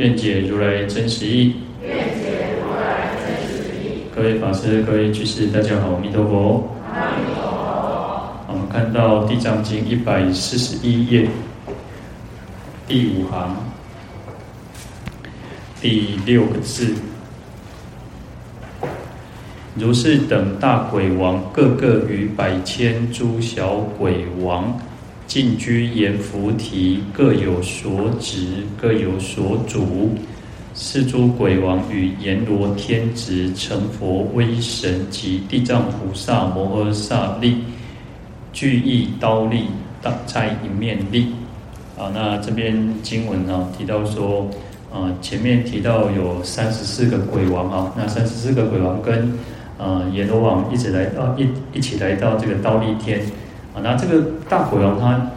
願解如來真實義。願解如來真實義。各位法師、各位居士，大家好，阿彌陀佛。我們看到《地藏經》一百四十一頁，第五行，第六個字，如是等大鬼王，各各與百千諸小鬼王。盡居閻浮提，各有所執，各有所主。是諸鬼王與閻羅天子，承佛威神及地藏菩薩摩訶薩力，俱詣忉利，大差一面立啊，那這邊經文呢，啊、提到說，啊、呃，前面提到有三十四個鬼王啊，那三十四個鬼王跟啊閻、呃、羅王一起來到一一起來到這個忉利天。啊，那這個大鬼王他，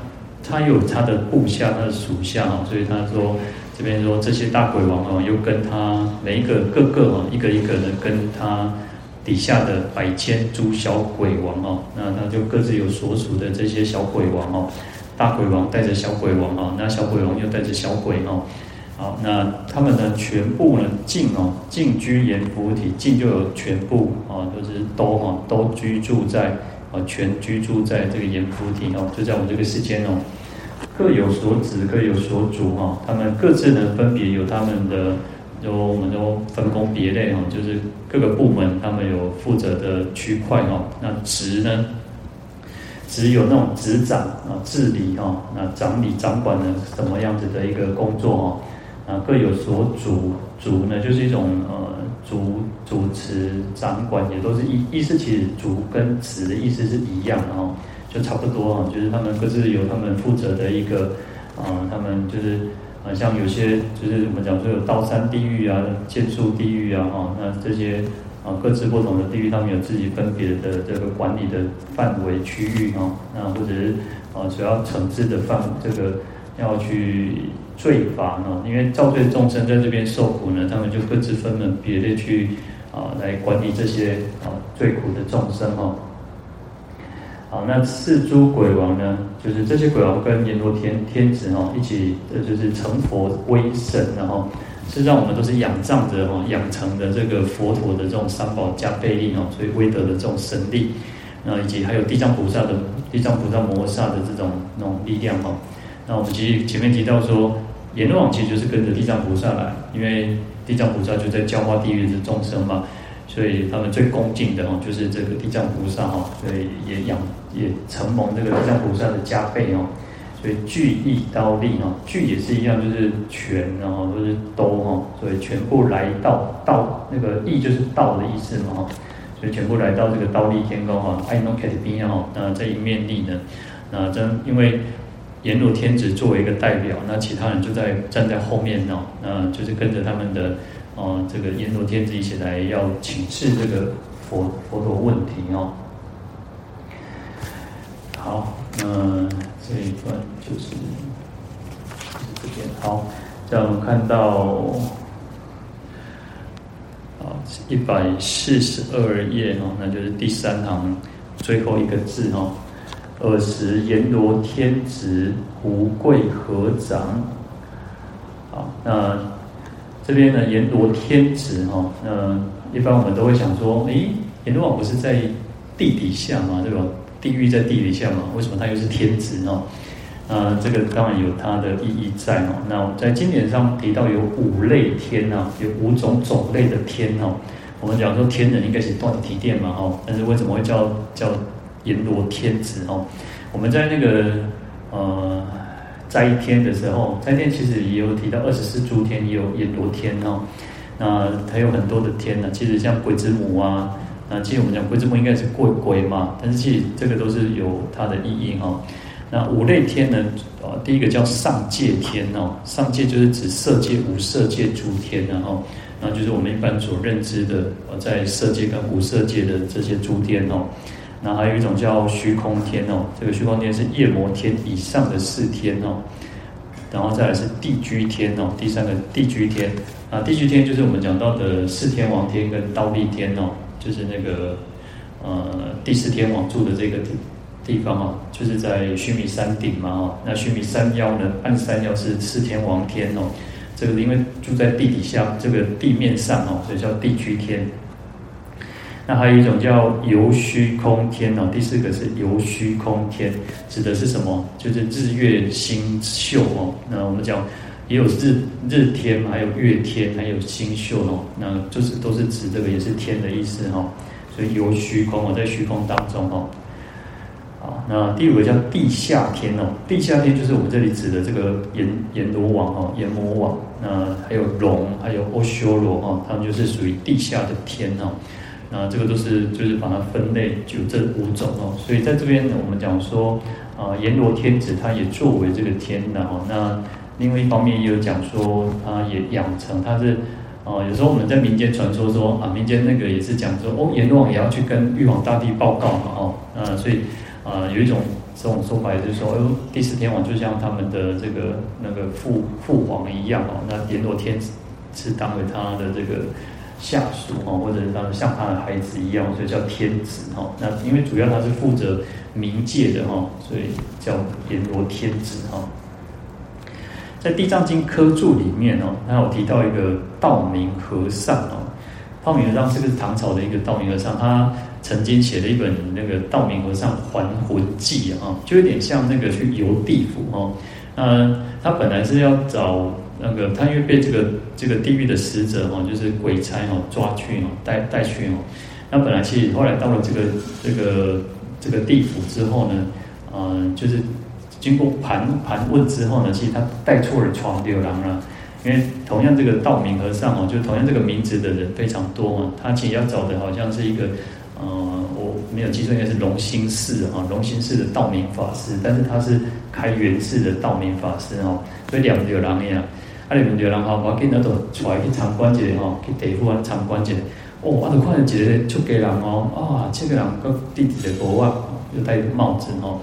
他有他的部下，他的屬下哦，所以他說，這邊說這些大鬼王哦，又跟他每一個各個哦，一個一個的跟他底下的百千諸小鬼王哦，那他就各自有所屬的這些小鬼王哦，大鬼王帶着小鬼王哦，那小鬼王又帶着小鬼哦，好，那他們呢全部呢盡哦，盡居閻浮提，盡就有全部啊，就是都哈，都居住在。啊，全居住在這個閻浮提哦，就在我們這個世間哦，各有所執，各有所主哈。他們各自呢，分別有他們的，都我們都分工別類哈，就是各個部門他們有負責的區塊哈。那執呢，執有那種執掌啊，治理哈，那掌理、掌管的什麼樣子的一個工作哈，啊，各有所主。主呢，就是一種呃主主持掌管，也都是意意思，其實主跟執的意思是一樣的哦，就差不多啊，就是他們各自有他們負責的一個，呃，他們就是啊，像有些就是我們講說有刀山地獄啊、劍樹地獄啊，哈，那這些啊各自不同的地獄，他們有自己分別的這個管理的範圍區域哦、啊，那或者是啊，主要懲治的範這個要去。罪罰呢，因為造罪眾生在這邊受苦呢，他們就各自分門別類去啊，來管理這些啊罪苦的眾生哈。好，那是諸鬼王呢，就是這些鬼王跟閻羅天天子哈一起，呃，就是承佛威神然後，實際上我們都是仰仗着哈，養成的這個佛陀的這種三寶加被力哦，所以威德的這種神力，呃，以及還有地藏菩薩的地藏菩薩摩薩的這種那種力量哈。那我們其實前面提到說，閻王其實就是跟着地藏菩薩來，因為地藏菩薩就在教化地獄的眾生嘛，所以他們最恭敬的哦，就是這個地藏菩薩哦，所以也仰也承蒙這個地藏菩薩的加被哦，所以俱詣忉利哦，俱也是一樣，就是全然後都是都哈，所以全部來到到那個詣就是到的意思嘛哈，所以全部來到這個忉利天宮哈，愛儂凱的要哦，那這一面立呢，那真，因為。閻羅天子作為一個代表，那其他人就在站在後面哦，那就是跟着他們的哦、呃，這個閻羅天子一起來要請示這個佛佛陀問題哦。好，那這一段就是、就是、這邊好，這樣我們看到，好，一百四十二頁哦，那就是第三行最後一個字哦。爾時閻羅天子胡跪合掌。好，那這邊呢？閻羅天子哈、哦，那一般我們都會想說，誒，閻羅王不是在地底下嘛，對吧？地獄在地底下嘛，為什麼他又是天子呢？啊，這個當然有它的意義在哦。那我在經典上提到有五類天啊，有五種種類的天哦。我們講說天人應該是斷體殿嘛，哦，但是為什麼會叫叫？閻羅天子哦，我們在那個呃齋天的時候，齋天其實也有提到二十四諸天，也有閻羅天哦。那還有很多的天呢，其實像鬼子母啊，那其實我們講鬼子母應該是貴鬼，鬼嘛，但是其實這個都是有它的意義哦。那五類天呢，呃，第一個叫上界天哦，上界就是指色界、無色界諸天，然後，那就是我們一般所認知的，在色界跟無色界的這些諸天哦。那還有一種叫虛空天哦，這個虛空天是夜摩天以上的四天哦，然後再來是地居天哦，第三個地居天啊，地居天就是我們講到的四天王天跟忉利天哦，就是那個呃第四天王住的這個地方哦，就是在須彌山頂嘛，哦、那須彌山腰呢，半山腰是四天王天哦，這個因為住在地底下，這個地面上哦，所以叫地居天。那還有一種叫遊虛空天哦，第四個是遊虛空天，指的是什麼？就是日月星宿哦。那我們講也有日日天，還有月天，還有星宿哦，那就是都是指這個，也是天的意思哦。所以遊虛空哦，在虛空當中哦。啊，那第五個叫地下天哦，地下天就是我們這裡指的這個閻閻羅王哦，閻魔王，那還有龍，還有阿修羅哦，他們就是屬於地下的天哦。啊、呃，這個都是就是把它分類，就這五種哦。所以在這邊，我們講說啊，閻、呃、羅天子他也作為這個天的哦。那另外一方面也有講說，他也養成他是啊、呃，有時候我們在民間傳說說啊，民間那個也是講說，哦，閻羅王也要去跟玉皇大帝報告嘛哦。那所以啊、呃，有一種這種說法，也就是說，哦、呃，第四天王就像他們的這個那個父父皇一樣哦。那閻羅天子是是當為他的這個。下屬哈，或者是像他的孩子一樣，所以叫天子哈。那因為主要他是負責冥界的哈，所以叫閻羅天子哈。在《地藏經》科註裡面哦，他有提到一個道明和尚哦，道明和尚這個是唐朝的一個道明和尚，他曾經寫了一本那個《道明和尚還魂記》啊，就有點像那個去遊地府哦。嗯，他本來是要找。那個他因為被這個這個地獄的使者哦，就是鬼差哦抓去哦帶帶去哦，那本來其實後來到了這個這個這個地府之後呢，呃，就是經過盤盤問之後呢，其實他帶錯了床，流浪了。因為同樣這個道明和尚哦，就同樣這個名字的人非常多嘛，他其實要找的好像是一個呃，我沒有記錯應該是龍興寺哈，龍興寺的道明法師，但是他是開元寺的道明法師哦，所以兩個流浪一樣。那裡邊有人哈，我經喺度揣，去參觀一下哈，去地府安參觀一下。哦，我喺度看到一個出家人哦，啊，這個人弟弟着國帽，又滴滴滴戴帽子哦。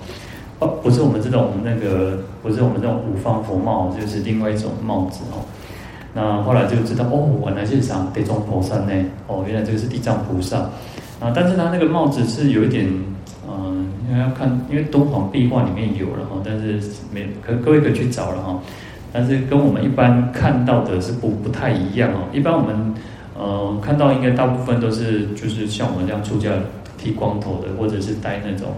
哦、啊，不是我們這種，那個不是我們這種五方佛帽，就是另外一種帽子哦。那後來就知道，哦，原來是啥？地藏菩薩呢？哦，原來這個是地藏菩薩。啊，但是他那個帽子是有一點，嗯、呃，應該要看，因為敦煌壁畫裡面有了哈，但是沒，可各位可以去找了哈。哦但是跟我們一般看到的是不不太一樣哦。一般我們呃看到應該大部分都是就是像我們這樣出家剃光頭的，或者是戴那種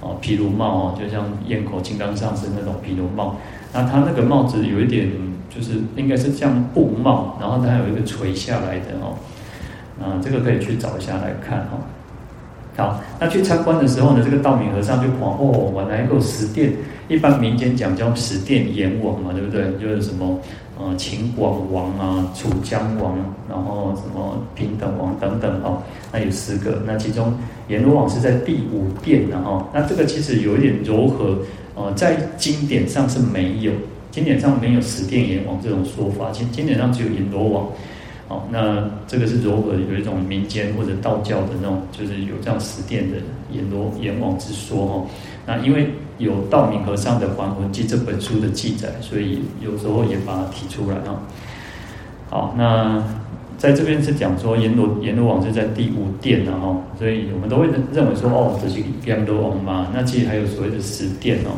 哦毗盧帽哦，就像焰口金剛上身那種毗盧帽。那他那個帽子有一點就是應該是這樣布帽，然後它有一個垂下來的哦。啊，這個可以去找一下來看哦。好，那去參觀的時候呢，這個道明和尚就狂哦，我、哦、來個十殿。一般民間講叫十殿閻王嘛，對不對？就是什麼，呃，秦廣王啊、楚江王，然後什麼平等王等等哦，那有十個。那其中閻羅王是在第五殿的、啊、哦。那這個其實有一點糅合，呃在經典上是沒有，經典上沒有十殿閻王這種說法，經經典上只有閻羅王。好、哦，那這個是糅合有一種民間或者道教的那種，就是有這樣十殿的閻羅閻王之說哈、哦。那因為。有道明和尚的《還魂記》這本書的記載，所以有時候也把它提出來啊。好，那在這邊是講說閻羅閻羅王是在第五殿呢哈，所以我們都會認為說哦，這是閻羅王嘛。那其實還有所謂的十殿哦。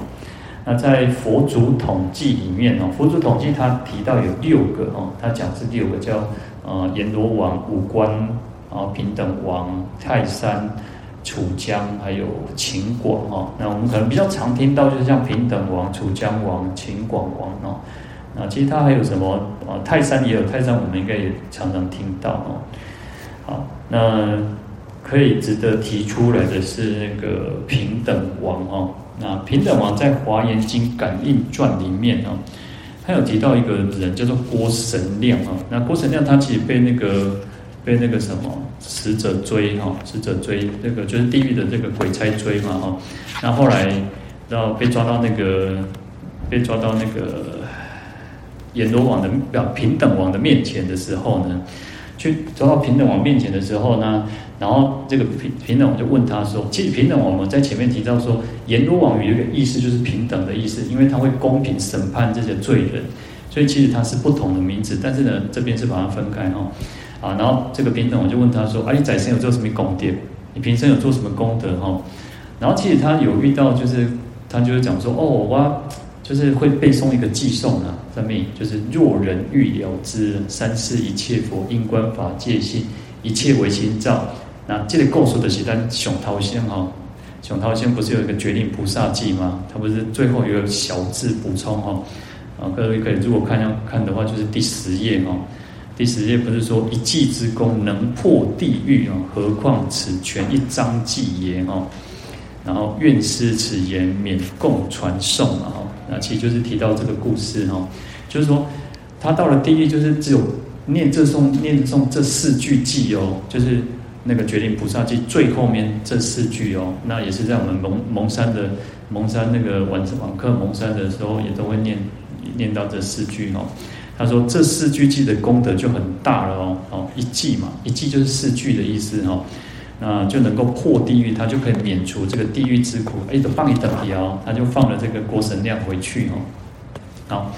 那在佛祖統計裡面哦，佛祖統計他提到有六個哦，他講是六個叫呃閻羅王、五官、然後平等王、泰山。楚江還有秦廣啊，那我們可能比較常聽到就是像平等王、楚江王、秦廣王，那其他他還有什麼啊？泰山也有泰山，我們應該也常常聽到哦。好，那可以值得提出來的是那個平等王哦，那平等王在《華嚴經感應傳》裡面哦，他有提到一個人叫做郭神亮啊，那郭神亮他其實被那個。被那個什麼使者追哈，使者追那個就是地獄的這個鬼差追嘛哈。那後來，然後被抓到那個被抓到那個閻羅王的表平等王的面前的時候呢，去走到平等王面前的時候呢，然後這個平平等王就問他說：其實平等王我們在前面提到說，閻羅王有一個意思就是平等的意思，因為他會公平審判這些罪人，所以其實他是不同的名字，但是呢，這邊是把它分開哦。啊，然後這個平等，我就問他說：“啊你在生有做什麼功德？你平生有做什麼功德？哈、哦，然後其實他有遇到，就是他就是講說，哦，我、啊、就是會背誦一個偈頌啊，在面就是若人欲了知，三世一切佛應觀法界性一切唯心造。那這個告訴我們的是，但雄韜仙哈、哦，雄韜仙不是有一個覺林菩薩偈嗎？他不是最後有個小字補充哈、哦？啊，各位可以如果看要看,看的話，就是第十頁哈、哦。”第十頁不是說一偈之功能破地獄哦，何況此全一章偈言哦。然後願施此言，免共傳誦哦。那其實就是提到這個故事哦，就是說他到了地獄，就是只有念這誦念誦這，這四句偈哦，就是那個覺林菩薩偈最後面這四句哦。那也是在我們蒙蒙山的蒙山那個晚晚課蒙山的時候，也都會念念到這四句哦。他說：“這四句偈的功德就很大了哦，哦，一偈嘛，一偈就是四句的意思哦，那就能夠破地獄，他就可以免除這個地獄之苦。哎，都幫你等一下哦，他就放了這個郭神亮回去哦，好，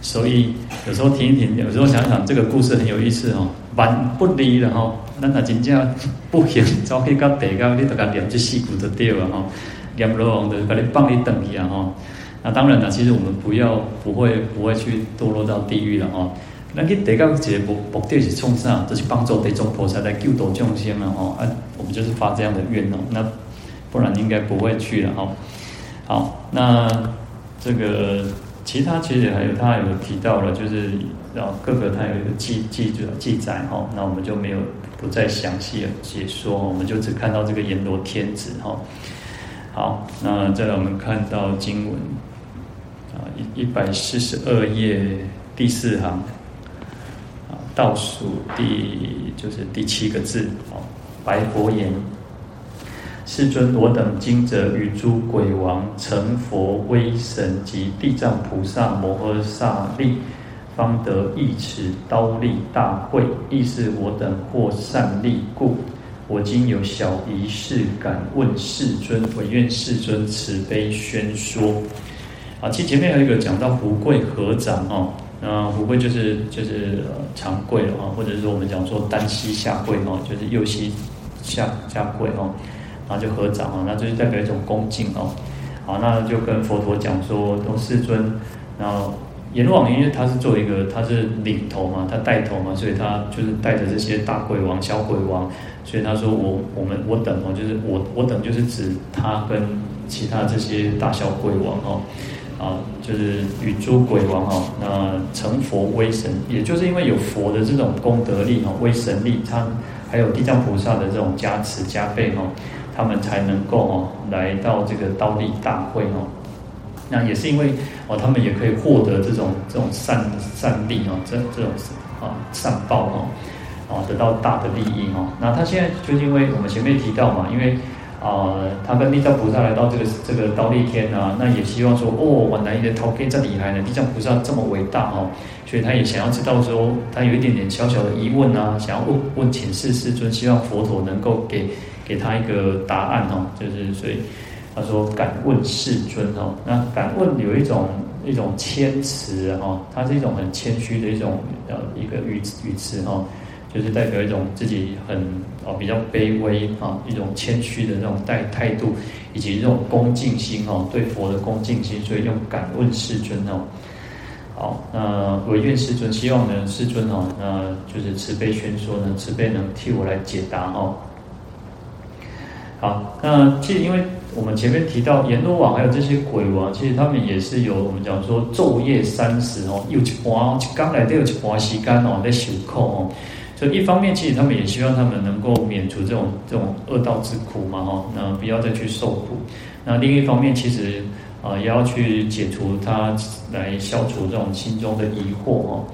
所以有時候停一停，有時候想想這個故事很有意思哦，蠻不離的吼，咱真正不行，早去到地高，你大家念這四句就對了吼、哦，人落把你幫你等下那當然了，其實我們不要，不會，不會去墮落到地獄了哦。那你得到這不不地是衝上，就是幫助地藏菩薩來救度眾生了哦。啊，我們就是發這樣的願哦。那不然應該不會去了哦。好，那這個其他其實還有他有提到了，就是啊各個他有一個記記著記載哈、哦。那我們就沒有不再詳細的解說，我們就只看到這個閻羅天子哈、哦。好，那再來我們看到經文。一一百四十二頁第四行，啊，倒數第就是第七個字，白佛言：“世尊，我等今者與諸鬼王，承佛威神及地藏菩薩摩訶薩力，方得詣此忉利。」大會，亦是我等獲善利故。我今有小疑事，敢問世尊。唯願世尊慈悲宣說。”啊，其實前面還有一個講到胡跪合掌哦，那胡跪就是就是長跪、呃、哦，或者是說我們講說單膝下跪哦，就是右膝下下跪哦，然後就合掌哦，那就是代表一種恭敬哦。好，那就跟佛陀講說，說、哦、世尊，然後閻王因為他是做一個他是領頭嘛，他帶頭嘛，所以他就是帶着這些大鬼王、小鬼王，所以他說我我們我等哦，就是我我等就是指他跟其他這些大小鬼王哦。啊，就是與諸鬼王哈，那承佛威神，也就是因為有佛的這種功德力哈，威神力，他還有地藏菩薩的這種加持加被哈，他們才能夠哦來到這個忉利大會哈。那也是因為哦，他們也可以獲得這種這種善善利哦，這這種啊善報哈，啊得到大的利益哈。那他現在就因為我們前面提到嘛，因為。啊、呃，他跟地藏菩薩來到這個這個忉利天吶、啊，那也希望說，哦，我難言忉利天這麼厲害呢，地藏菩薩這麼偉大哦，所以他也想要知道說，他有一點點小小的疑問啊，想要問問請示世,世尊，希望佛陀能夠給給他一個答案哈、哦，就是所以他說，敢問世尊哦，那敢問有一種一種謙辭哈、哦，它是一種很謙虛的一種呃一個語語詞哈、哦。就是代表一種自己很哦比較卑微啊、哦、一種謙虛的那種態態度，以及這種恭敬心哦，對佛的恭敬心，所以用敢問世尊哦。好，那唯願世尊，希望呢世尊哦，那就是慈悲宣說呢，慈悲能替我來解答哦。好，那其實因為我們前面提到閻羅王還有這些鬼王，其實他們也是有我們講說晝夜三時哦，有一半剛來都有一半時間哦在受控哦。所以一方面，其實他們也希望他們能夠免除這種這種惡道之苦嘛、哦，哈，那不要再去受苦。那另一方面，其實啊、呃，也要去解除他來消除這種心中的疑惑、哦，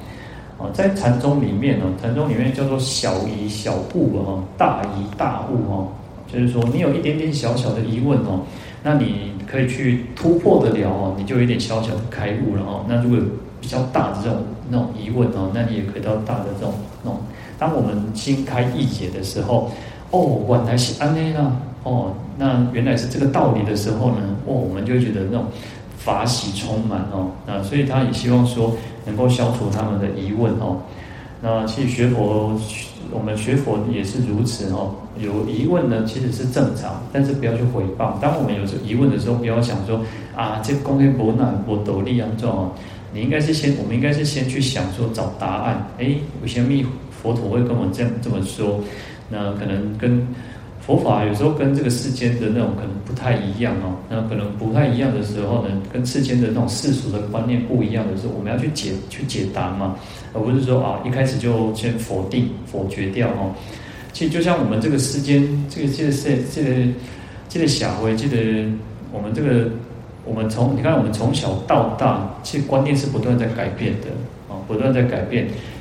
哈，啊，在禪宗裡面呢、哦，禪宗裡面叫做小疑小悟啊、哦，大疑大悟啊、哦，就是說你有一點點小小的疑問哦，那你可以去突破得了哦，你就有一點小小的開悟了哦。那如果有比較大的這種那種疑問哦，那你也可以到大的這種那種。當我們心開意解的時候，哦，原來是安那啦！哦，那原來是這個道理的時候呢，哦，我們就覺得那種法喜充滿哦。那所以他也希望說，能夠消除他們的疑問哦。那其實學佛，我們學佛也是如此哦。有疑問呢，其實是正常，但是不要去回報。當我們有這疑問的時候，不要想說啊，這公開博難，我鬥力安哦，你應該是先，我們應該是先去想說，找答案。哎，有什麼？佛陀會跟我們這樣這麼說，那可能跟佛法有時候跟這個世間的那種可能不太一樣哦。那可能不太一樣的時候呢，跟世間的那種世俗的觀念不一樣的時候，我們要去解去解答嘛，而不是說啊，一開始就先否定否決掉哦。其實就像我們這個世間，這個這個個這個這個小，我也記得我們這個我們從你看我們從小到大，其實觀念是不斷在改變的啊，不斷在改變。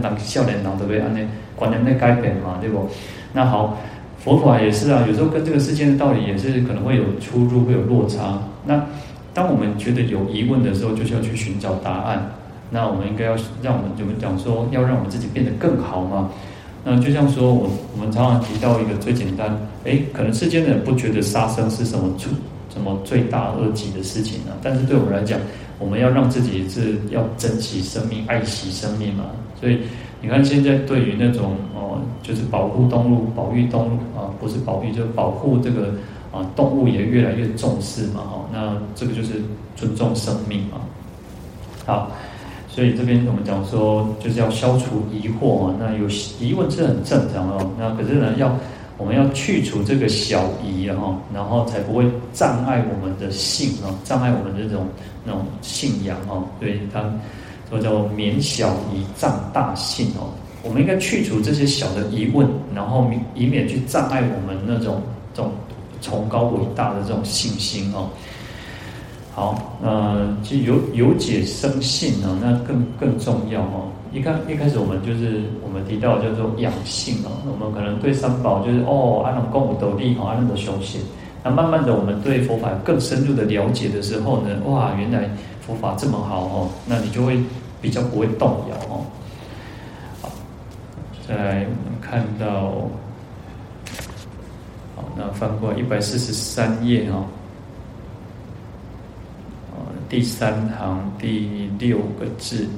當笑臉黨，對不對？啊，那觀念在改變嘛，對不？那好，佛法也是啊，有時候跟這個世間的道理也是可能會有出入，會有落差。那當我們覺得有疑問的時候，就是要去尋找答案。那我們應該要讓我們怎麼講說，要讓我們自己變得更好嘛。那就像說，我我們常常提到一個最簡單，誒、欸，可能世間的人不覺得殺生是什麼什麼罪大惡極的事情啊？但是對我們來講，我們要讓自己是要珍惜生命、愛惜生命嘛。所以你看，現在對於那種哦，就是保護動物、保育動物啊，不是保育，就是保護這個啊，動物也越來越重視嘛，哈、啊。那這個就是尊重生命啊。好，所以這邊我們講說，就是要消除疑惑。啊、那有疑問是很正常哦、啊。那可是呢，要我們要去除這個小疑哈、啊，然後才不會障礙我們的信啊，障礙我們的這種那種信仰啊，所以，他。說叫做“免小疑障大信”哦，我們應該去除這些小的疑問，然後以免去障礙我們那種這種崇高偉大的這種信心哦。好，那其實有有解生信哦，那更更重要哦。一開一開始我們就是我們提到叫做養性哦，我們可能對三寶就是哦，阿難供五斗力哦，阿難的凶險。那慢慢的，我們對佛法更深入的了解的時候呢，哇，原來佛法這麼好哦，那你就會。比較不會動搖哦。好，再來我們看到，好，那翻過一百四十三頁哦，哦，第三行第六個字，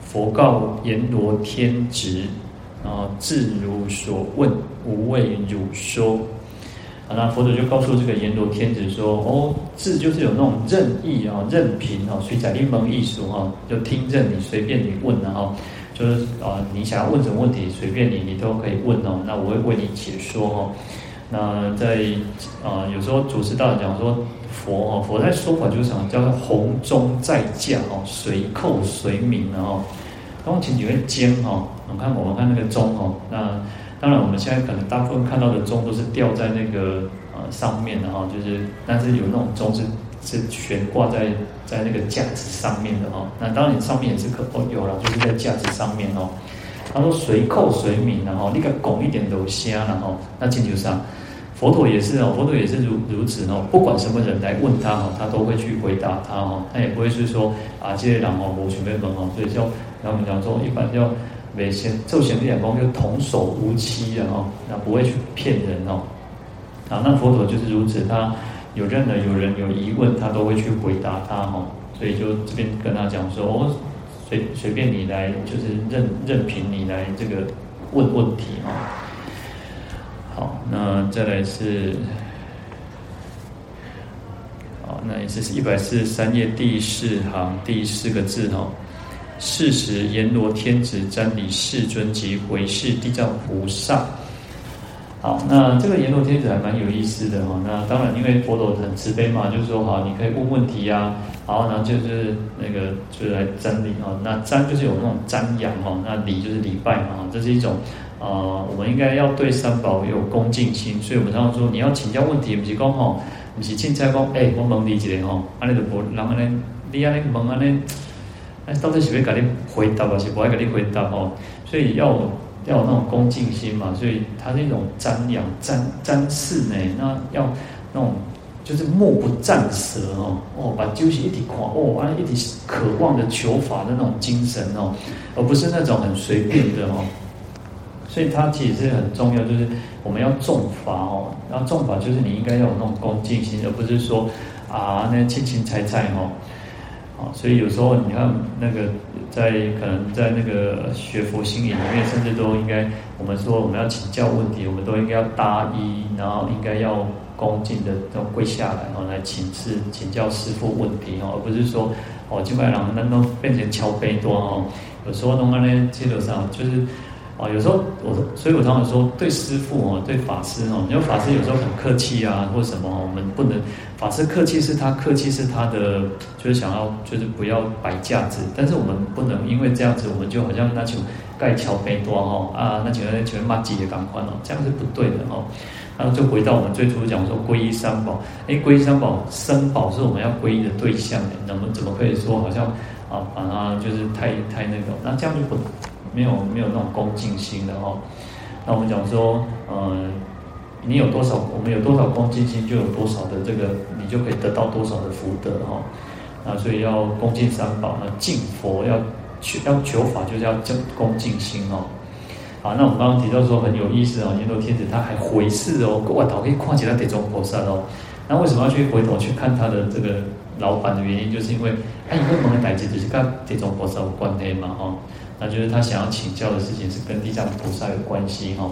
佛告閻羅天子，然後恣汝所問，吾為汝說。好，那佛祖就告訴這個閻羅天子說：“哦，恣就是有那種任意啊、任憑啊，所以才一門藝術哈，就聽任你隨便你問了、啊、哈，就是啊、呃、你想要問什麼問題，隨便你，你都可以問哦、啊。那我會為你解說哈、啊。那在啊、呃、有時候主持大人講說佛哦、啊，佛在說法就是什麼，叫做洪鐘在架哦、啊，隨叩隨鳴的哦。然後，請幾位監哦、啊。”看我們看那個鐘哦，那當然我們現在可能大部分看到的鐘都是吊在那個呃上面的哈，就是但是有那種鐘是是懸掛在在那個架子上面的哈。那當然上面也是可哦有了，就是在架子上面哦。他說隨扣隨鳴，然後那個拱一點都瞎，然後那這就是佛陀也是哦，佛陀也是如如此哦，不管什麼人來問他哦，他都會去回答他哦，他也不會是說啊這樣哦我隨便問哦，所以就那我們講說一般就。沒賢，受賢的眼光就童叟無欺了哦，那不會去騙人哦，啊，那佛陀就是如此，他有任何有人有疑問，他都會去回答他哦，所以就這邊跟他講說，哦，隨隨便你來，就是任任憑你來這個問問題哦，好，那再來是，好，那也是是一百四十三頁第四行第四個字哦。是時閻羅天子瞻禮世尊及迴視地藏菩薩，好，那這個閻羅天子還蠻有意思的哦。那當然，因為佛陀很慈悲嘛，就是說，好，你可以問問題啊。好，然後就是那個，就是來瞻禮哦。那瞻就是有那種瞻仰哦。那禮就是禮拜嘛。這是一種呃，我們應該要對三寶有恭敬心。所以我們常常說，你要請教問題，不是講吼，不是凊彩講，哎、欸，我問你一個吼，安尼就無，安尼咧，你安咧問安咧。到底是喜不喜歡跟你回答吧，是不我也跟你回答哦。所以要有要有那種恭敬心嘛，所以他那種瞻仰、瞻瞻視呢，那要那種就是目不暫捨哦哦，把、哦、就是一直看哦，啊一直渴望的求法的那種精神哦，而不是那種很隨便的哦。所以它其實是很重要，就是我們要重法哦，那重法就是你應該要有那種恭敬心，而不是說啊那輕輕踩踩哦。啊，所以有時候你看那個，在可能在那個學佛心裡面，甚至都應該，我們說我們要請教問題，我們都應該要搭衣，然後應該要恭敬的要跪下來，然後來請示請教師父問題哦，而不是說哦金麥郎那都變成敲背多哦，有時候的話呢，基本上就是。啊，有時候我，所以我常常說，對師父哦，對法師哦，因為法師有時候很客氣啊，或什麼，我們不能法師客氣是他客氣是他的，就是想要就是不要擺架子，但是我們不能因為這樣子，我們就好像那叫蓋橋飛多哈啊，那叫那叫罵街港寬哦，這樣是不對的哦。然後就回到我們最初講說皈依三寶，哎，皈依三寶僧寶是我們要皈依的對象那怎麼怎麼可以說好像啊，把、啊、它就是太太那個，那這樣就不。沒有沒有那種恭敬心的哦，那我們講說，呃、嗯、你有多少，我們有多少恭敬心，就有多少的這個，你就可以得到多少的福德哦。啊，所以要恭敬三寶，那敬佛要去要求法，就是要真恭敬心哦。好，那我們剛剛提到說很有意思哦，閻羅天子他還回視哦，我倒可以況起他地藏菩薩哦。那為什麼要去回頭去看他的這個老板的原因，就是因為哎，你為什麼會代志，這是跟地藏菩薩有關係嘛哦。那就是他想要請教的事情是跟地藏菩薩有關係哈，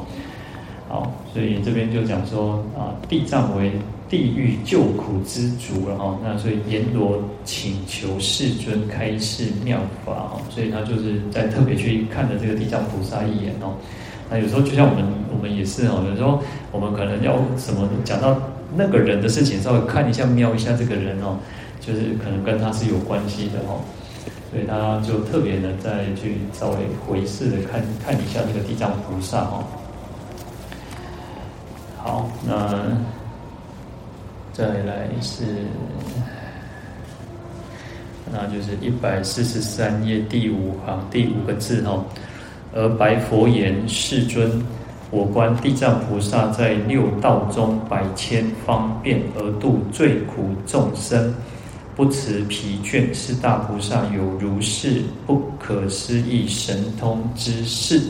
好，所以這邊就講說啊，地藏為地獄救苦之主了哈，那所以閻羅請求世尊開示妙法哦，所以他就是在特別去看了這個地藏菩薩一眼哦，那有時候就像我們我們也是哦，有時候我們可能要什麼講到那個人的事情，稍微看一下瞄一下這個人哦，就是可能跟他是有關係的哦。所以他就特別的再去稍微回視的看看一下這個地藏菩薩哦。好，那再來是，那就是一百四十三頁第五行第五個字哦，而白佛言：“世尊，我觀地藏菩薩在六道中，百千方便而度罪苦眾生。”不辭疲倦，是大菩薩有如是不可思議神通之事。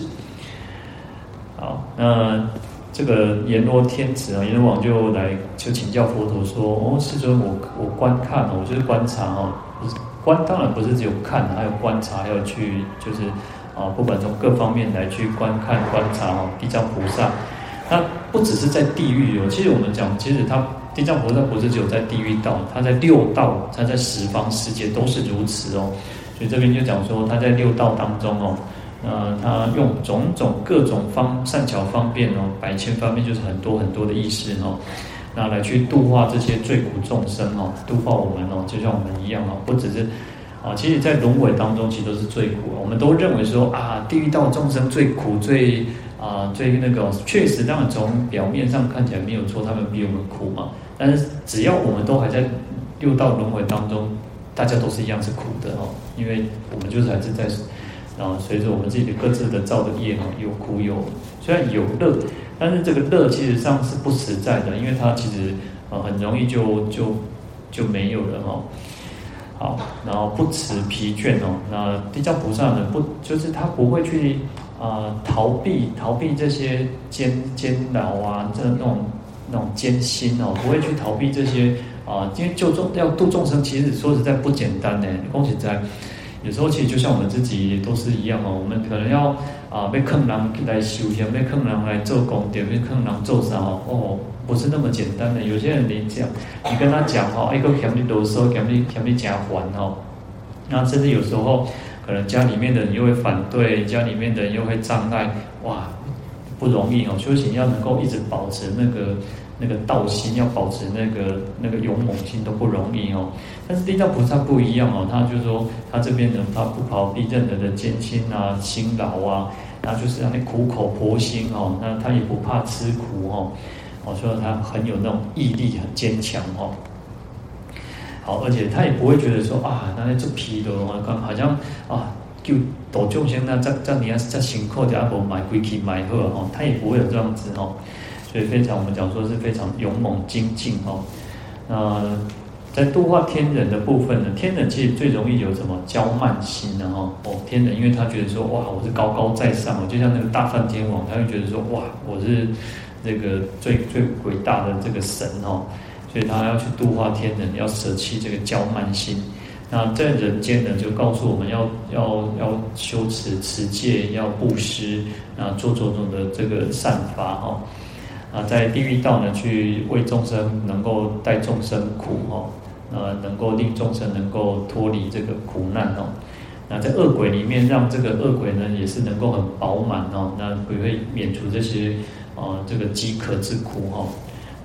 好，那這個閻羅天子啊，閻羅王就來就請教佛陀說：“哦，世尊，我我觀看，我就是觀察哦，觀，當然不是只有看，還有觀察，還有去，就是啊，不管從各方面來去觀看、觀察哦、啊，地藏菩薩，他不只是在地獄哦、喔，其實我們講，其實他。”地藏菩薩不是只有在地獄道，他在六道，他在十方世界都是如此哦。所以這邊就講說，他在六道當中哦，呃，他用種種各種方善巧方便哦，百千方便就是很多很多的意思哦，那來去度化這些罪苦眾生哦，度化我們哦，就像我們一樣哦，不只是啊，其實，在輪迴當中其實都是罪苦，我們都認為說啊，地獄道眾生最苦最。啊，所以那個哦，確實，他們從表面上看起來沒有錯，他們比我們苦嘛。但是只要我們都還在六道輪回當中，大家都是一樣是苦的哦。因為我們就是還是在，然後隨着我們自己的各自的造的業哦，有苦有，雖然有樂，但是這個樂其實上是不實在的，因為它其實、啊、很容易就就就沒有了哦。好，然後不辭疲倦哦，那地藏菩薩呢不就是他不會去。啊、呃，逃避逃避這些艱煎熬啊，這那種那種艱辛哦，不會去逃避這些啊、呃，因為救眾要度眾生，其實說實在不簡單呢。你說實在，有時候其實就像我們自己也都是一樣哦，我們可能要啊被困難來修行，被困難來做功德，被困難做啥哦，不是那麼簡單的。有些人你講，你跟他講哦，一個嫌你囉嗦嫌你嫌你加煩哦，那甚至有時候。可能家裡面的人又會反對，家裡面的人又會障礙，哇，不容易哦。修行要能夠一直保持那個那個道心，要保持那個那個勇猛心都不容易哦。但是地藏菩薩不一樣哦，他就是說，他這邊人，他不逃避任何的艱辛啊、辛勞啊，他就是讓你苦口婆心哦，那他也不怕吃苦哦，所以他很有那種毅力，很堅強哦。好，而且他也不會覺得說啊，那那做皮的，我講好像啊，就，大仲先那這這你還是這辛苦的阿婆買貴氣買好吼、哦，他也不會有這樣子吼、哦，所以非常我們講說是非常勇猛精進吼、哦。那在度化天人的部分呢，天人其實最容易有什麼驕慢心的吼哦，天人因為他覺得說哇，我是高高在上，就像那個大梵天王，他會覺得說哇，我是那個最最偉大的這個神哦。所以他要去度化天人，要捨棄這個驕慢心。那在人間呢，就告訴我們要要要修持持戒，要布施，啊，做種種的這個善法哦。啊，在地獄道呢，去為眾生能夠帶眾生苦哦，啊，能夠令眾生能夠脫離這個苦難哦。那在惡鬼裡面，讓這個惡鬼呢，也是能夠很飽滿哦，那不會免除這些啊這個飢渴之苦哦。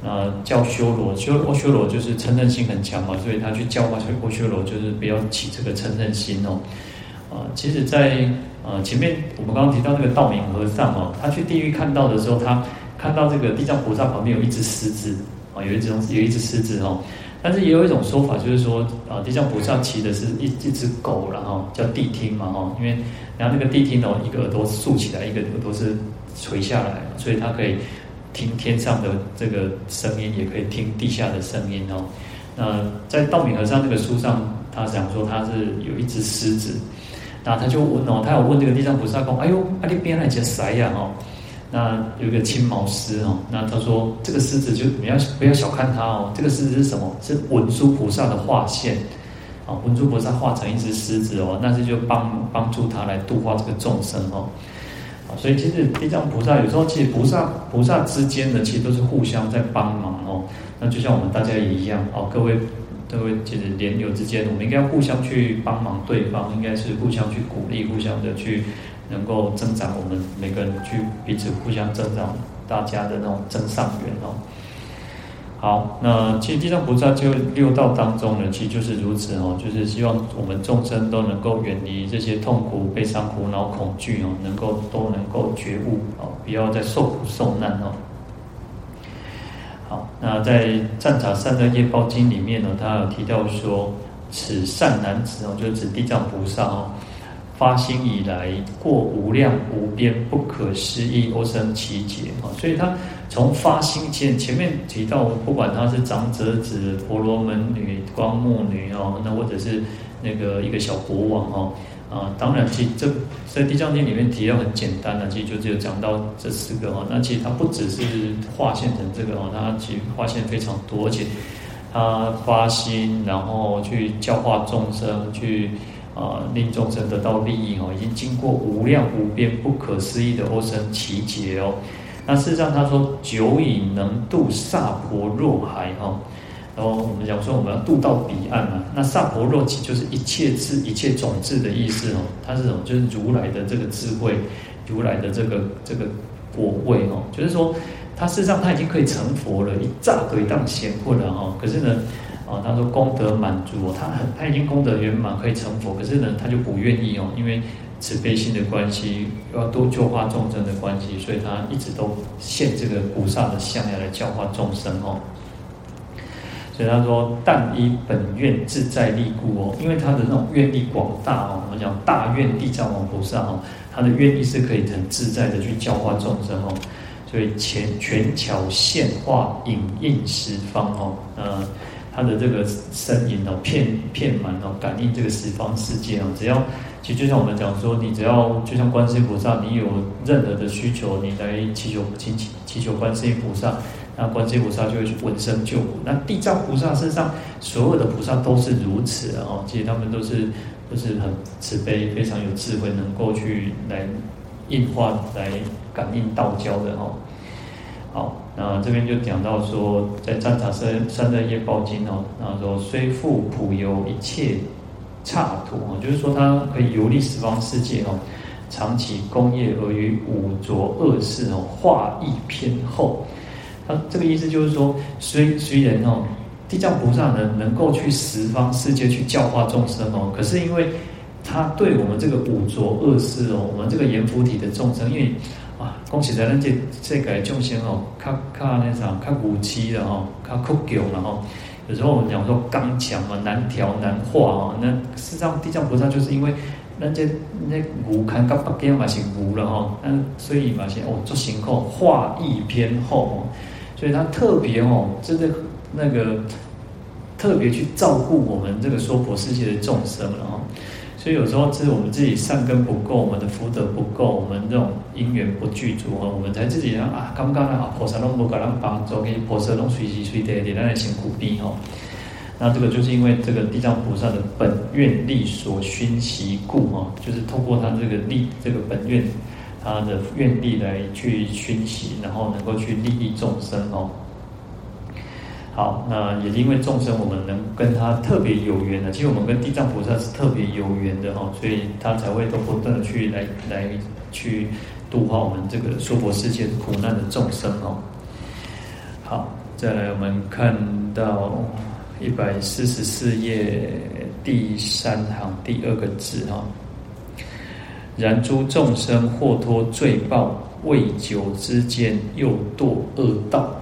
啊、呃，叫修羅，修阿修羅就是嗔恨心很強嘛，所以他去教化修過修羅，就是不要起這個嗔恨心哦。啊、呃，其實在，在呃前面我們剛剛提到那個道明和尚哦，他去地獄看到的時候，他看到這個地藏菩薩旁邊有一隻獅子啊、哦，有一隻有一隻獅子哦。但是也有一種說法，就是說啊、呃，地藏菩薩騎的是一一隻狗，然、哦、後叫諦聽嘛，哈、哦，因為然後那個諦聽哦，一個耳朵豎起來，一個耳朵是垂下來，所以他可以。聽天上的這個聲音，也可以聽地下的聲音哦。那在道明和尚這個書上，他講說他是有一隻獅子，那他就問哦，他有問這個地藏菩薩說：“哎呦，阿彌邊來一隻啥呀？”哦、啊，那有一個青毛獅哦，那他說這個獅子就不要不要小看它哦，這個獅子是什麼？是文殊菩薩的化現啊！文殊菩薩化成一隻獅子哦，那是就幫幫助他來度化這個眾生哦。所以，其實地藏菩薩有時候，其實菩薩菩薩之間的，其實都是互相在幫忙哦。那就像我們大家也一樣哦，各位，各位，其實蓮友之間，我們應該互相去幫忙對方，應該是互相去鼓勵，互相的去能夠增長我們每個人去彼此互相增長大家的那種增上緣哦。好，那其實地藏菩薩就六道當中呢，其實就是如此哦，就是希望我們眾生都能夠遠離這些痛苦、悲傷、苦惱、恐懼哦，能夠都能夠覺悟哦，不要再受苦受難哦。好，那在《占察善惡業報經》裡面呢，他有提到說，此善男子哦，就是指地藏菩薩哦。發心以來，過無量無邊不可思議，阿僧祇劫啊！所以他從發心前，前面提到，不管他是長者子、婆羅門女、光目女哦，那或者是那個一個小國王哦，啊，當然其這在《地藏經》裡面提到很簡單的，其實就只有講到這四個哦。那其實他不只是化現成這個哦，他其實化現非常多，而且他發心，然後去教化眾生，去。啊，令眾生得到利益哦，已經經過無量無邊、不可思議的阿僧祇劫哦。那事實上，他說久已能度薩婆若海哦。然後我們講說，我們要渡到彼岸嘛、啊。那薩婆若其就是一切智、一切種智的意思哦。它是什麼？就是如來的這個智慧，如來的這個這個果位哦。就是說，他事實上他已經可以成佛了，一炸鬼當仙棍了哈、哦。可是呢，他說功德滿足哦，他很他已經功德圓滿可以成佛，可是呢，他就不願意哦，因為慈悲心的關係，要多救化眾生的關係，所以他一直都現這個菩薩的相來，來教化眾生哦。所以他說，但以本願自在力故哦，因為他的那種願力廣大哦，我們講大願地藏王菩薩哦，他的願力是可以很自在的去教化眾生哦，所以前全橋現化影印十方哦，呃他的這個身影哦，片片滿哦，感應這個十方世界哦。只要，其實就像我們講說，你只要就像觀世音菩薩，你有任何的需求，你來祈求祈祈祈求觀世音菩薩，那觀世音菩薩就會聞聲救苦。那地藏菩薩身上所有的菩薩都是如此哦。其實他們都是都、就是很慈悲，非常有智慧，能夠去來印化、來感應道教的哦。啊，這邊就講到說，在《戰場三三三葉報經》哦、啊，那說雖復普遊一切剎土哦、啊，就是說他可以遊歷十方世界哦、啊，常起功業而於五濁惡世哦、啊，化益偏厚。那、啊、這個意思就是說，雖雖然哦、啊，地藏菩薩能能夠去十方世界去教化眾生哦、啊，可是因為他對我們這個五濁惡世哦、啊，我們這個閻浮提的眾生，因為。講實在，咱這世界眾生哦，較較那啥，較無智了吼，較倔強了吼。有時候我們講說剛強嘛，難調難化哦。那實際上，地藏菩薩就是因為，人家那無看到不見嘛是無了吼，那所以嘛是哦，這行好化易偏厚，所以他特別哦，真的那個特別去照顧我們這個娑婆世界的眾生了。所以有時候是我們自己善根不夠，我們的福德不夠，我們這種因緣不具足哦，我們才自己啊，剛剛啊，菩薩都不可能幫助，跟菩薩弄隨喜隨得一點，那也辛苦逼吼。那這個就是因為這個地藏菩薩的本願力所熏習故哦，就是通過他這個力，這個本願，他的願力來去熏習，然後能夠去利益眾生哦。好，那也因為眾生，我們能跟他特別有緣的、啊。其實我們跟地藏菩薩是特別有緣的哈、哦，所以他才會都不斷的去來來去度化我們這個娑婆世界苦難的眾生哦。好，再來我們看到一百四十四頁第三行第二個字哈、哦，然諸眾生獲脫罪報，未久之間又墮惡道。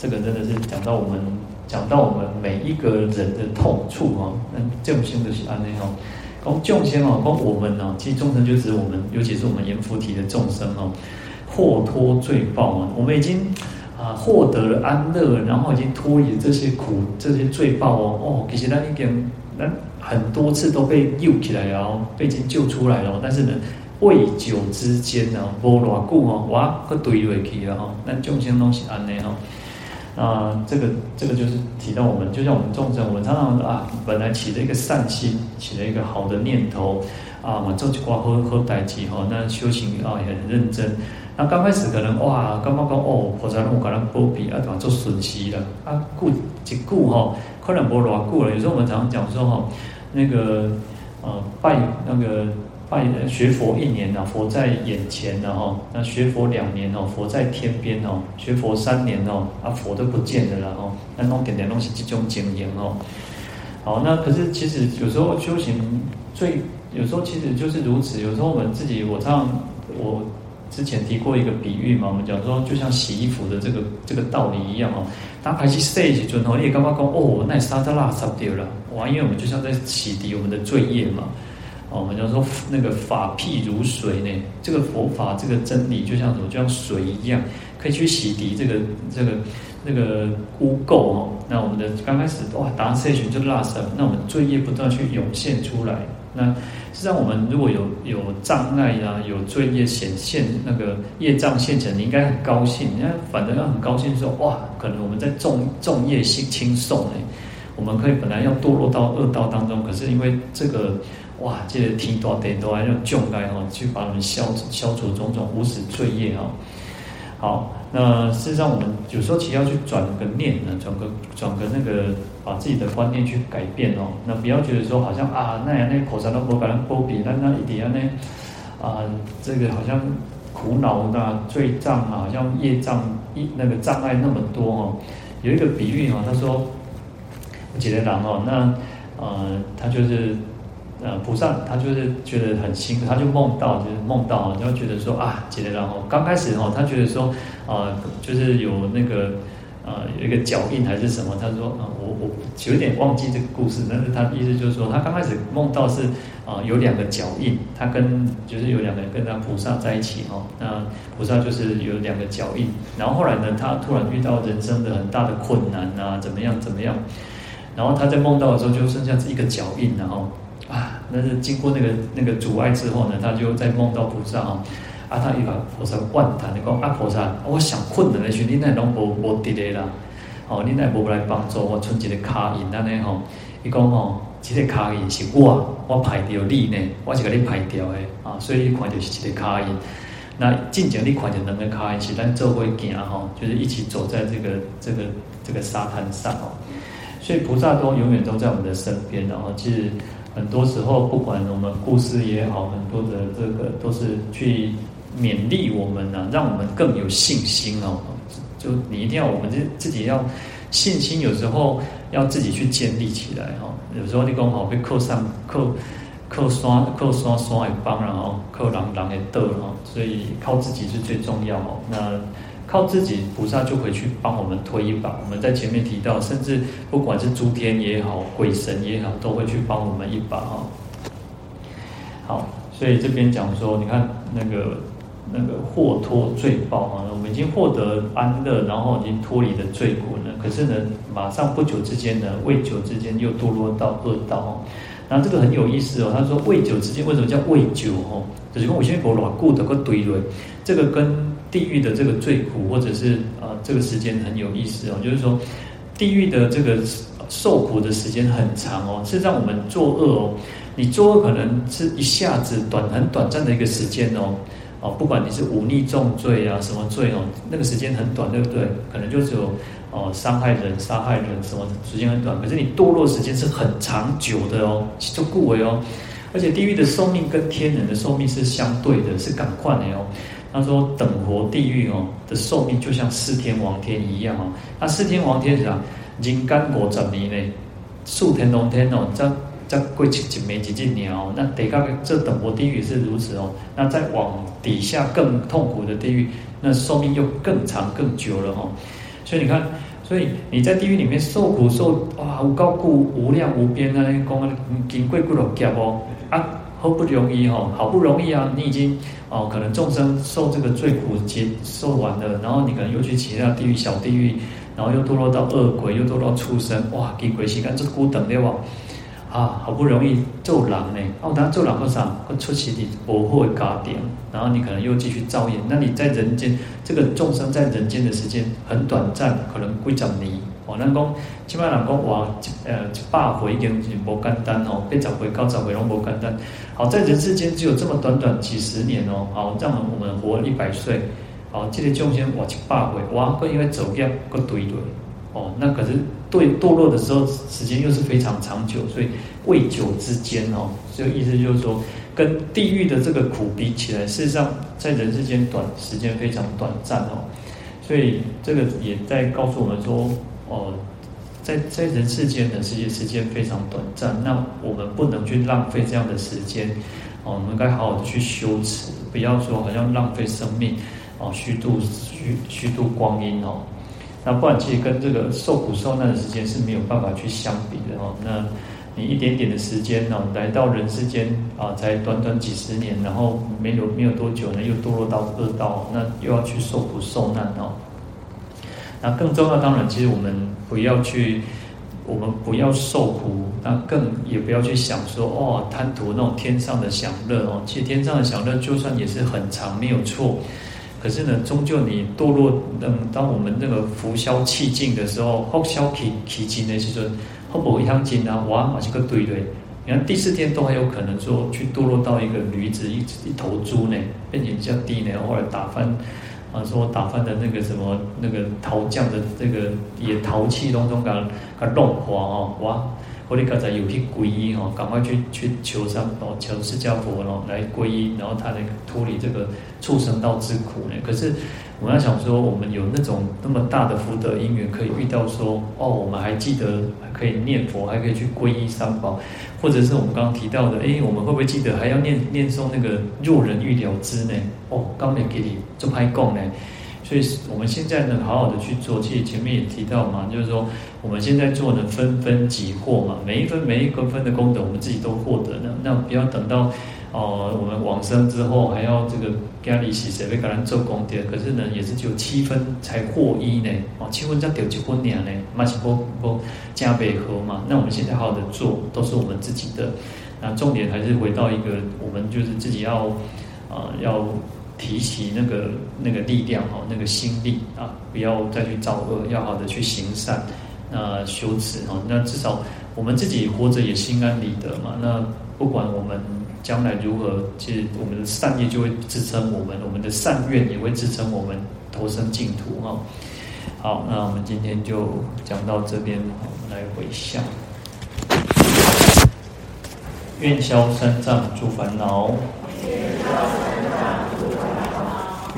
這個真的是講到我們，講到我們每一個人的痛處啊！那眾生都是安呢哦，哦、啊，我們哦、啊，其實眾生就指我們，尤其是我們閻浮提的眾生哦、啊，獲脫罪報、啊、我們已經啊獲得了安樂，然後已經脫離這些苦、這些罪報哦、啊。哦，其實那很多次都被救起來了，然後被已經救出來了，但是呢，未久之間呢、啊，無偌久、啊、哇，又墮回去了哦、啊。那眾生攏是安呢哦。啊、呃，這個這個就是提到我們，就像我們眾生，我們常常啊，本來起了一個善心，起了一個好的念頭，啊，嘛做就關懷後代機吼，那修行啊也很認真。那、啊、剛開始可能哇，剛剛剛哦，菩薩讓我可能保庇啊，怎麼做損失了啊，顧即顧吼，可能不難顧了。有時候我們常常講說哈、啊，那個呃，拜那個。拜學佛一年了，啊，佛在眼前了，啊，哈。那學佛兩年哦，啊，佛在天邊哦，啊。學佛三年哦，啊，啊佛都不見了，啊啊，不見了哈，啊。那弄點點東西集中精研哦。好，那可是其實有時候修行最有時候其實就是如此。有時候我們自己，我這樣我之前提過一個比喻嘛，我們講說就像洗衣服的這個這個道理一樣，啊，哦。那，排戲 stage 準哦，你剛剛講哦，那沙沙拉沙掉了，哇，因為我們就像在洗滌我們的罪業嘛。哦、我們就是說那個法譬如水呢，這個佛法這個真理就像什麼？就像水一樣，可以去洗滌這個這個那個污垢哦。那我們的剛開始哇，打七群就落色，那我們罪業不斷去湧現出來。那實際上，我們如果有有障礙啊，有罪業顯現，那個業障現前，你應該很高興。你看，反正要很高興的時候，哇，可能我們在重重業輕輕送哎，我們可以本來要墮落到惡道當中，可是因為這個。哇，記得聽多得多啊，那種誦唸哈，去把我們消消除種種無始罪業啊。好，那事實上我們有時候其實要去轉個念呢，轉個轉個那個把自己的觀念去改變哦。那不要覺得說好像啊，那樣那口才的佛，反正多比那那一定要呢啊，這個好像苦惱那罪障啊，好像業障一那個障礙那麼多哦。有一個比喻啊，他說，我記得然哦，那呃，他就是。呃，菩薩他就是覺得很辛苦，他就夢到，就是夢到，然後覺得說啊，接着然後剛開始吼，他覺得說，啊、呃，就是有那個，呃，有一個腳印還是什麼？他說，啊、呃，我我有點忘記這個故事，但是他的意思就是說，他剛開始夢到是啊、呃、有兩個腳印，他跟就是有兩個人跟那菩薩在一起吼、哦，那菩薩就是有兩個腳印，然後後來呢，他突然遇到人生的很大的困難吶、啊，怎麼樣怎麼樣，然後他在夢到的時候就剩下一個腳印，然後。但是經過那個那個阻礙之後呢，他就在夢到菩薩哦，啊，他一把菩薩喚他，他講啊，菩薩，我想困難的時候你都了，那兄弟儂無無得嘞啦，哦，你那無來幫助我，存一個卡印那嘞吼，伊講吼，這個卡印是我，我排掉你呢，我是給你排掉的，啊，所以看就是一個卡印，那進前你看見兩個卡印是咱做伙行吼，就是一起走在這個這個這個沙灘上哦，所以菩薩都永遠都在我們的身邊，然後其實。很多時候，不管我們故事也好，很多的這個都是去勉勵我們呢、啊，讓我們更有信心哦。就你一定要，我們自自己要信心，有時候要自己去建立起來哈、哦。有時候你剛好會扣上扣。靠山，靠山，山也幫，然後靠人，人也得，所以靠自己是最重要哦。那靠自己菩薩就會去幫我們推一把，我們在前面提到，甚至不管是諸天也好，鬼神也好，都會去幫我們一把，好，所以這邊講說，你看那個那個獲脫罪報，我們已經獲得安樂，然後已經脫離了罪過了，可是呢，馬上不久之間呢，未久之間又墮落到惡道然後這個很有意思哦，他說未久之間為什麼叫未久哦？就是說五千年佛卵固得個堆輪，這個跟地獄的這個罪苦或者是啊、呃、這個時間很有意思哦，就是說地獄的這個受苦的時間很長哦，是讓我們作惡哦，你作惡可能是一下子短很短暫的一個時間哦，哦不管你是忤逆重罪啊什麼罪哦，那個時間很短對不對？可能就只有。哦，傷害人，殺害人，什麼時間很短，可是你墮落時間是很長久的哦，其中故為哦，而且地獄的壽命跟天人的壽命是相對的，是反換的哦。他說等、哦，等活地獄哦的壽命就像四天王天一樣哦。那四天王天是啊，人間過五十年嘞，樹天龍天哦，才這過七七沒幾幾鳥哦。那得看這等活地獄是如此哦，那再往底下更痛苦的地獄，那壽命又更長更久了哦。所以你看，所以你在地獄裡面受苦受哇，無高故無量無邊啊，那些光啊，金貴骨頭夾哦，啊，好不容易吼、哦，好不容易啊，你已經哦，可能眾生受這個罪苦劫受完了，然後你可能又去其他地獄小地獄，然後又墮落到惡鬼，又墮落到畜生，哇，幾鬼氣，看這孤等對吧？啊，好不容易做人呢，哦，他做人個啥？個出世你無好家庭，然後你可能又繼續造業。那你在人間，這個眾生在人間的時間很短暫，可能歸着你哦。那講起碼，人講哇，呃，一百回已經不簡單哦，八十回，九十回攏不簡單。好，在人世間只有這麼短短幾十年哦，好，讓我們我們活了一百歲，好、哦，記、這個眾生，哇，一百回哇，各因為走業各堆堆哦，那可是。對墮落的時候，時間又是非常長久，所以未久之間哦，就意思就是說，跟地獄的這個苦比起來，事實上在人世間短時間非常短暫哦，所以這個也在告訴我們說，哦、呃，在在人世間的這些時間非常短暫，那我們不能去浪費這樣的時間哦、呃，我們該好好的去修持，不要說好像浪費生命哦、呃，虛度虛虛度光陰哦。那不然，其實跟這個受苦受難的時間是沒有辦法去相比的哦。那你一點點的時間呢、哦，來到人世間啊，才短短幾十年，然後沒有沒有多久呢，又墮落到惡道，那又要去受苦受難哦。那更重要，當然，其實我們不要去，我們不要受苦，那更也不要去想說哦，貪圖那種天上的享樂哦。其實天上的享樂，就算也是很長，沒有錯。可是呢，終究你墮落，嗯，當我們那個福消氣盡的時候，福消氣氣盡呢，就說後補養精啊，哇，還是個對對。你看第四天都還有可能說去墮落到一個驢子一一頭豬呢，變成比較低呢，偶爾打翻，啊，說打翻的那個什麼那個陶匠的這個也陶器當中，搞搞弄滑啊，哇。或者剛在有些皈依哦，趕快去去求三寶、求釋迦佛嘍，來皈依，然後他來脫離這個畜生道之苦呢。可是我在想說，我們有那種那麼大的福德因緣，可以遇到說哦，我們還記得還可以念佛，還可以去皈依三寶，或者是我們剛剛提到的，哎，我們會不會記得還要念念誦那個若人欲了知呢？哦，剛沒給你做開講呢。所以，我們現在呢，好好的去做。其實前面也提到嘛，就是說，我們現在做的分分己獲嘛，每一分、每一公分，分的功德，我們自己都獲得了。那不要等到哦、呃，我們往生之後還要這個要跟人家一起誰會跟人做功德？可是呢，也是只有七分才獲一呢，哦，七分加掉幾分兩呢？馬西波加倍合嘛。那我們現在好好的做，都是我們自己的。那重點還是回到一個，我們就是自己要啊、呃、要。提起那個那個力量哈，那個心力啊，不要再去造惡，要好的去行善，那修持哈，那至少我們自己活着也心安理得嘛。那不管我們將來如何，其實我們的善業就會支撐我們，我們的善願也會支撐我們投生淨土哈。好，那我們今天就講到這邊，我們來迴向，願消三障諸煩惱。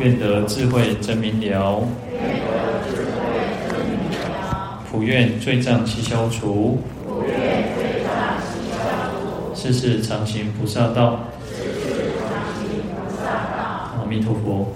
願得智慧真明了，願得智慧真明了。普願罪障悉消除，普願罪障悉消除。世世常行菩薩道，世世常行菩薩道。阿彌陀佛。